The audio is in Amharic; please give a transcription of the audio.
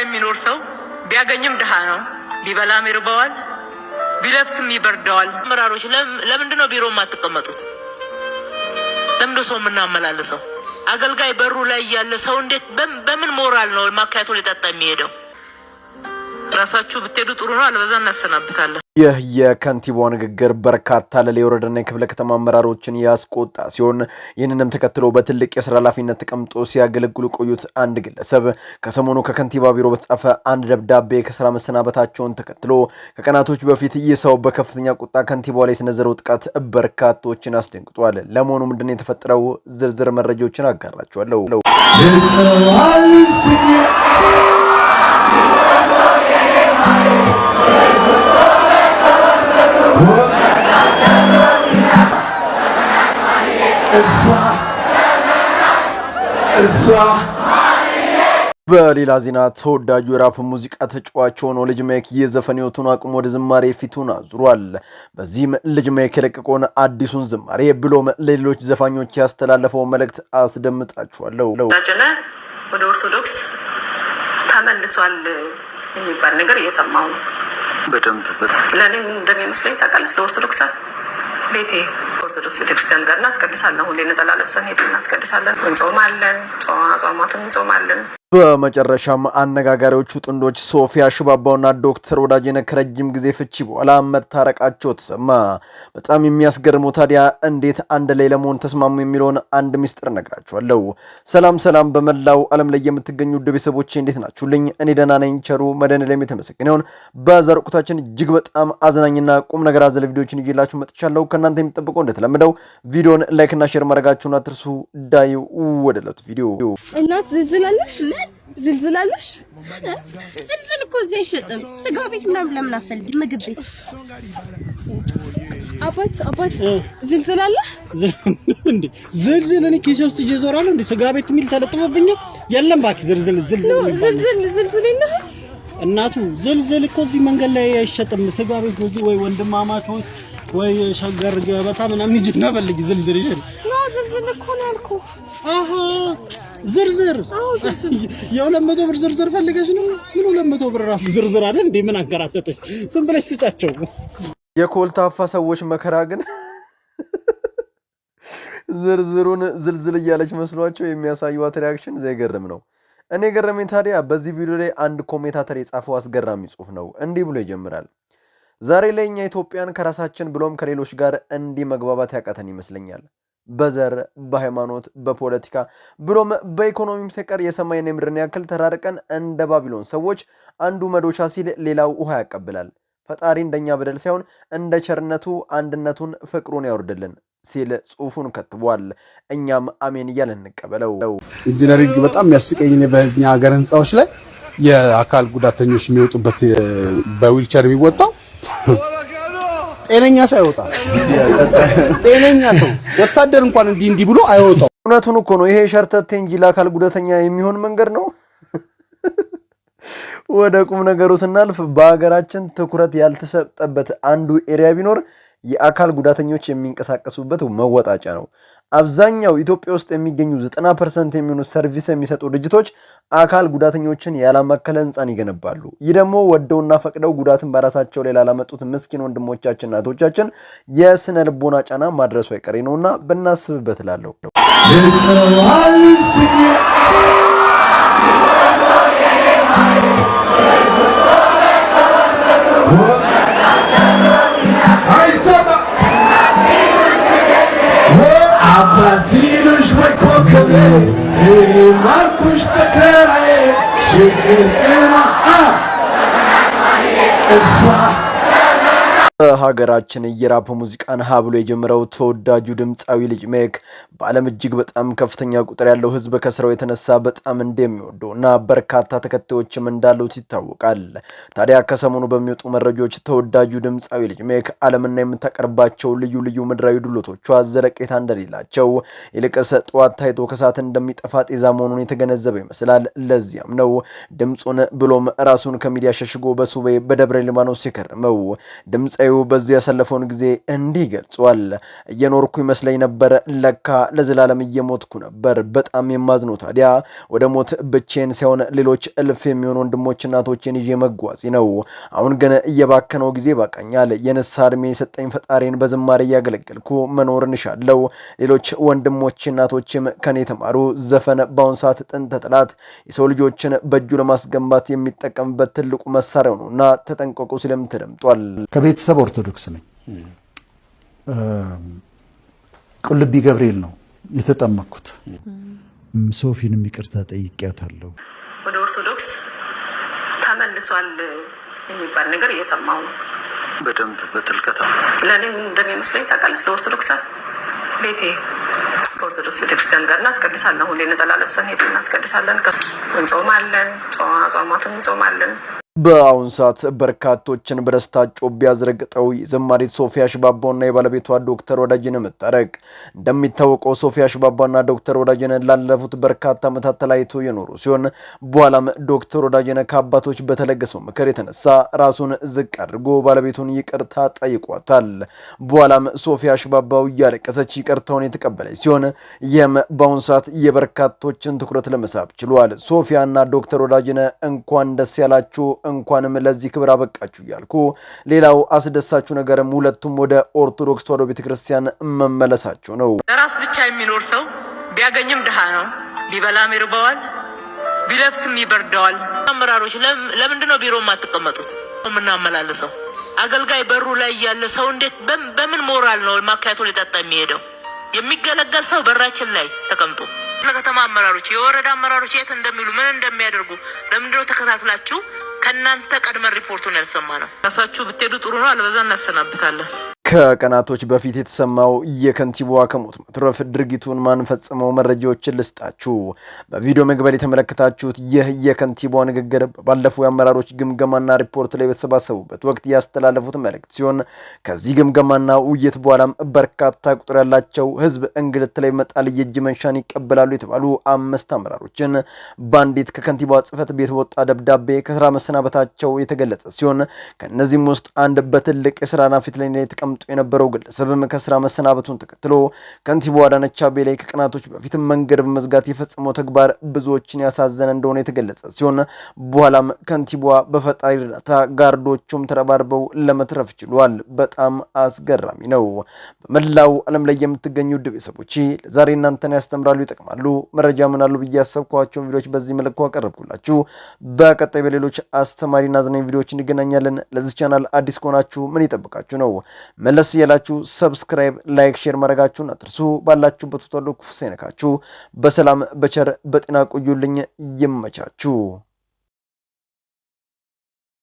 የሚኖር ሰው ቢያገኝም ድሃ ነው፣ ቢበላም ይርበዋል፣ ቢለብስም ይበርደዋል። አመራሮች ለምንድን ነው ቢሮ የማትቀመጡት? ለምንድ ሰው የምናመላልሰው? አገልጋይ በሩ ላይ እያለ ሰው እንዴት በምን ሞራል ነው ማካያቱ ሊጠጣ የሚሄደው? ራሳችሁ ብትሄዱ ጥሩ ነው። አልበዛ እናሰናብታለን። ይህ የከንቲባ ንግግር በርካታ ለሌ ወረዳና የክፍለ ከተማ አመራሮችን ያስቆጣ ሲሆን ይህንንም ተከትሎ በትልቅ የስራ ኃላፊነት ተቀምጦ ሲያገለግሉ ቆዩት አንድ ግለሰብ ከሰሞኑ ከከንቲባ ቢሮ በተጻፈ አንድ ደብዳቤ ከስራ መሰናበታቸውን ተከትሎ ከቀናቶች በፊት ይህ ሰው በከፍተኛ ቁጣ ከንቲባ ላይ የሰነዘረው ጥቃት በርካቶችን አስደንግጧል። ለመሆኑ ምንድነው የተፈጠረው? ዝርዝር መረጃዎችን አጋራችኋለሁ። በሌላ ዜና ተወዳጁ የራፕ ሙዚቃ ተጫዋች የሆነው ልጅ ማይክ የዘፈን ህይወቱን አቁሞ ወደ ዝማሬ ፊቱን አዙሯል። በዚህም ልጅ ሜክ የለቀቀውን አዲሱን ዝማሬ ብሎም ለሌሎች ዘፋኞች ያስተላለፈው መልእክት አስደምጣችኋለሁ። ወደ ኦርቶዶክስ ተመልሷል የሚባል ነገር እየሰማሁ ነው። በደንብ ለእኔ እንደሚመስለኝ ታውቃለህ፣ ለኦርቶዶክሳስ ቤቴ ኦርቶዶክስ ቤተክርስቲያን ጋር እናስቀድሳለን። ሁሌ ነጠላ ለብሰን ሄደን እናስቀድሳለን። እንጾማለን፣ ጾማትን እንጾማለን። በመጨረሻም አነጋጋሪዎቹ ጥንዶች ሶፊያ ሽባባውና ዶክተር ወዳጄነህ ከረጅም ጊዜ ፍቺ በኋላ መታረቃቸው ተሰማ። በጣም የሚያስገርመው ታዲያ እንዴት አንድ ላይ ለመሆን ተስማሙ የሚለውን አንድ ሚስጥር እነግራችኋለሁ። ሰላም ሰላም፣ በመላው ዓለም ላይ የምትገኙ ውድ ቤተሰቦች እንዴት ናችሁልኝ? እኔ ደህና ነኝ። ቸሩ መድኃኔዓለም የተመሰገነ ይሁን። በዛሬው ቆይታችን እጅግ በጣም አዝናኝና ቁም ነገር አዘል ቪዲዮችን ይዤላችሁ መጥቻለሁ። ከእናንተ የሚጠብቀው እንደተለመደው ቪዲዮን ላይክና ሼር ማድረጋችሁን አትርሱ። ዳይ ወደ ዕለቱ ቪዲዮ እናት ዝንዝላለሽ ዝልዝላለሽ ዝልዝል እኮ እዚህ አይሸጥም። ስጋ ቤት ምናምን ለምን አፈልግም? ምግብ ቤት አባት አባት ዝልዝል እንዴ? ዝልዝል እኔ ኪሴ ውስጥ እንዴ? ስጋ ቤት የሚል ተለጥፎብኛል። የለም እባክህ ዝልዝል ዝልዝል ዝልዝል ዝልዝል እናቱ ዝልዝል እኮ እዚህ መንገድ ላይ አይሸጥም። ስጋ ቤት ወይ ወንድማማቾች ወይ ሸገር ገበታ ምናምን ፈልጊ ዝልዝል ነው። ዝልዝል እኮ ነው ያልኩህ። አሃ ዝርዝር የሁለት መቶ ብር ዝርዝር ፈልገሽ ነው? ምን ሁለት መቶ ብር ራሱ ዝርዝር አለ እንዴ? ምን አንከራተተሽ? ዝም ብለሽ ስጫቸው። የኮልታፋ ሰዎች መከራ ግን ዝርዝሩን ዝልዝል እያለች መስሏቸው የሚያሳዩት ሪያክሽን ዘይገርም ነው። እኔ ገረመኝ። ታዲያ በዚህ ቪዲዮ ላይ አንድ ኮሜንታተር የጻፈው አስገራሚ ጽሑፍ ነው። እንዲህ ብሎ ይጀምራል። ዛሬ ላይ እኛ ኢትዮጵያን ከራሳችን ብሎም ከሌሎች ጋር እንዲህ መግባባት ያቃተን ይመስለኛል። በዘር በሃይማኖት በፖለቲካ ብሎም በኢኮኖሚም ሳይቀር የሰማይን የምድርን ያክል ተራርቀን እንደ ባቢሎን ሰዎች አንዱ መዶሻ ሲል ሌላው ውሃ ያቀብላል። ፈጣሪ እንደኛ በደል ሳይሆን እንደ ቸርነቱ አንድነቱን ፍቅሩን ያወርድልን ሲል ጽሑፉን ከትቧል። እኛም አሜን እያለን እንቀበለው። ኢንጂነሪንግ በጣም የሚያስቀኝ በኛ ሀገር ህንፃዎች ላይ የአካል ጉዳተኞች የሚወጡበት በዊልቸር የሚወጣው ጤነኛ ሰው አይወጣም። ጤነኛ ሰው ወታደር እንኳን እንዲህ እንዲህ ብሎ አይወጣው እውነቱን እኮ ነው። ይሄ ሸርተቴ እንጂ ለአካል ጉዳተኛ የሚሆን መንገድ ነው። ወደ ቁም ነገሩ ስናልፍ በሀገራችን ትኩረት ያልተሰጠበት አንዱ ኤሪያ ቢኖር የአካል ጉዳተኞች የሚንቀሳቀሱበት መወጣጫ ነው። አብዛኛው ኢትዮጵያ ውስጥ የሚገኙ 90 ፐርሰንት የሚሆኑ ሰርቪስ የሚሰጡ ድርጅቶች አካል ጉዳተኞችን ያላማከለ ህንፃን ይገነባሉ። ይህ ደግሞ ወደውና ፈቅደው ጉዳትን በራሳቸው ላይ ላላመጡት ምስኪን ወንድሞቻችን እህቶቻችን የስነ ልቦና ጫና ማድረሱ አይቀሬ ነውና ብናስብበት እላለሁ። شوي وكبير هي إيه، ماكوش بترعي شكلك راح الصح በሀገራችን የራፕ ሙዚቃን ሀብሎ የጀመረው ተወዳጁ ድምፃዊ ልጅ ሜክ በዓለም እጅግ በጣም ከፍተኛ ቁጥር ያለው ሕዝብ ከስራው የተነሳ በጣም እንደሚወደው እና በርካታ ተከታዮችም እንዳሉት ይታወቃል። ታዲያ ከሰሞኑ በሚወጡ መረጃዎች ተወዳጁ ድምፃዊ ልጅ ሜክ ዓለምና የምታቀርባቸው ልዩ ልዩ ምድራዊ ዱሎቶቿ ዘለቄታ እንደሌላቸው ይልቅስ ጠዋት ታይቶ ከሰዓት እንደሚጠፋ ጤዛ መሆኑን የተገነዘበ ይመስላል። ለዚያም ነው ድምፁን ብሎም ራሱን ከሚዲያ ሸሽጎ በሱባኤ በደብረ ሊባኖስ የከረመው ድምፃዊ ጉዳዩ በዚህ ያሳለፈውን ጊዜ እንዲህ ገልጿል። እየኖርኩ ይመስለኝ ነበር፣ ለካ ለዘላለም እየሞትኩ ነበር። በጣም የማዝነው ታዲያ ወደ ሞት ብቼን ሳይሆን ሌሎች እልፍ የሚሆኑ ወንድሞች እናቶችን ይዤ መጓዜ ነው። አሁን ግን እየባከነው ጊዜ ይበቃኛል። የንስሐ እድሜ የሰጠኝ ፈጣሪን በዝማሬ እያገለገልኩ መኖር እንሻለው። ሌሎች ወንድሞች እናቶችም ከኔ የተማሩ ዘፈን በአሁኑ ሰዓት ጥንተ ጠላት የሰው ልጆችን በእጁ ለማስገንባት የሚጠቀምበት ትልቁ መሳሪያው ነውና ተጠንቀቁ ሲልም ተደምጧል። ቤተሰብ ኦርቶዶክስ ነኝ። ቁልቢ ገብርኤል ነው የተጠመቅኩት። ሶፊንም ይቅርታ ጠይቄያታለሁ። ወደ ኦርቶዶክስ ተመልሷል የሚባል ነገር እየሰማሁ ነው። በደንብ በጥልቀት ለእኔ እንደሚመስለኝ ታውቃለህ፣ ስለ ኦርቶዶክስ ቤቴ ከኦርቶዶክስ ቤተክርስቲያን ጋር እናስቀድሳለን። ሁሌ ነጠላ ለብሰን ሄደን እናስቀድሳለን። እንጾማለን፣ ጾማትን እንጾማለን። በአሁን ሰዓት በርካቶችን በደስታ ጮቤ ያዝረግጠው የዘማሪት ሶፊያ ሽባባውና የባለቤቷ ዶክተር ወዳጅን መታረቅ። እንደሚታወቀው ሶፊያ ሽባባና ዶክተር ወዳጅን ላለፉት በርካታ ዓመታት ተለያይቶ የኖሩ ሲሆን በኋላም ዶክተር ወዳጅን ከአባቶች በተለገሰው ምክር የተነሳ ራሱን ዝቅ አድርጎ ባለቤቱን ይቅርታ ጠይቋታል። በኋላም ሶፊያ ሽባባው እያለቀሰች ይቅርታውን የተቀበለች ሲሆን ይህም በአሁን ሰዓት የበርካቶችን ትኩረት ለመሳብ ችሏል። ሶፊያና ዶክተር ወዳጅን እንኳን ደስ ያላችሁ እንኳንም ለዚህ ክብር አበቃችሁ እያልኩ ሌላው አስደሳችሁ ነገርም ሁለቱም ወደ ኦርቶዶክስ ተዋህዶ ቤተክርስቲያን መመለሳቸው ነው። ለራስ ብቻ የሚኖር ሰው ቢያገኝም ድሃ ነው፣ ቢበላም ይርበዋል፣ ቢለብስም ይበርደዋል። አመራሮች ለምንድን ነው ቢሮ የማትቀመጡት? የምናመላልሰው አገልጋይ በሩ ላይ ያለ ሰው እንዴት በምን ሞራል ነው ማካያቱ ሊጠጣ የሚሄደው? የሚገለገል ሰው በራችን ላይ ተቀምጦ ከተማ አመራሮች፣ የወረዳ አመራሮች የት እንደሚሉ ምን እንደሚያደርጉ ለምንድነው ተከታትላችሁ ከእናንተ ቀድመን ሪፖርቱን ያልሰማ ነው? ራሳችሁ ብትሄዱ ጥሩ ነው። አለበዛ እናሰናብታለን። ከቀናቶች በፊት የተሰማው የከንቲባዋ ከሞት መትረፍ ድርጊቱን ማን ፈጽመው መረጃዎችን ልስጣችሁ። በቪዲዮ መግበል የተመለከታችሁት ይህ የከንቲባዋ ንግግር ባለፉ የአመራሮች ግምገማና ሪፖርት ላይ በተሰባሰቡበት ወቅት ያስተላለፉት መልእክት ሲሆን ከዚህ ግምገማና ውይይት በኋላም በርካታ ቁጥር ያላቸው ህዝብ እንግልት ላይ መጣል የእጅ መንሻን ይቀበላሉ የተባሉ አምስት አመራሮችን በአንዲት ከከንቲባዋ ጽፈት ቤት ወጣ ደብዳቤ ከስራ መሰናበታቸው የተገለጸ ሲሆን ከእነዚህም ውስጥ አንድ በትልቅ የስራና ፊት ላይ የተቀምጠ ተቀምጦ የነበረው ግለሰብም ከስራ መሰናበቱን ተከትሎ ከንቲቦ አዳነች አቤቤ ላይ ከቀናቶች በፊትም መንገድ በመዝጋት የፈጸመው ተግባር ብዙዎችን ያሳዘነ እንደሆነ የተገለጸ ሲሆን በኋላም ከንቲቦዋ በፈጣሪ እርዳታ ጋርዶቹም ተረባርበው ለመትረፍ ችሏል። በጣም አስገራሚ ነው። በመላው ዓለም ላይ የምትገኙ ውድ ቤተሰቦች ለዛሬ እናንተን ያስተምራሉ፣ ይጠቅማሉ፣ መረጃ ምናሉ ብዬ ያሰብኳቸውን ቪዲዮዎች በዚህ መልኩ አቀረብኩላችሁ። በቀጣይ በሌሎች አስተማሪና አዝናኝ ቪዲዮዎች እንገናኛለን። ለዚህ ቻናል አዲስ ከሆናችሁ ምን ይጠብቃችሁ ነው መለስ እያላችሁ ሰብስክራይብ፣ ላይክ፣ ሼር ማድረጋችሁን አትርሱ። ባላችሁበት ሁሉ ክፉ ሳይነካችሁ በሰላም በቸር በጤና ቆዩልኝ። ይመቻችሁ።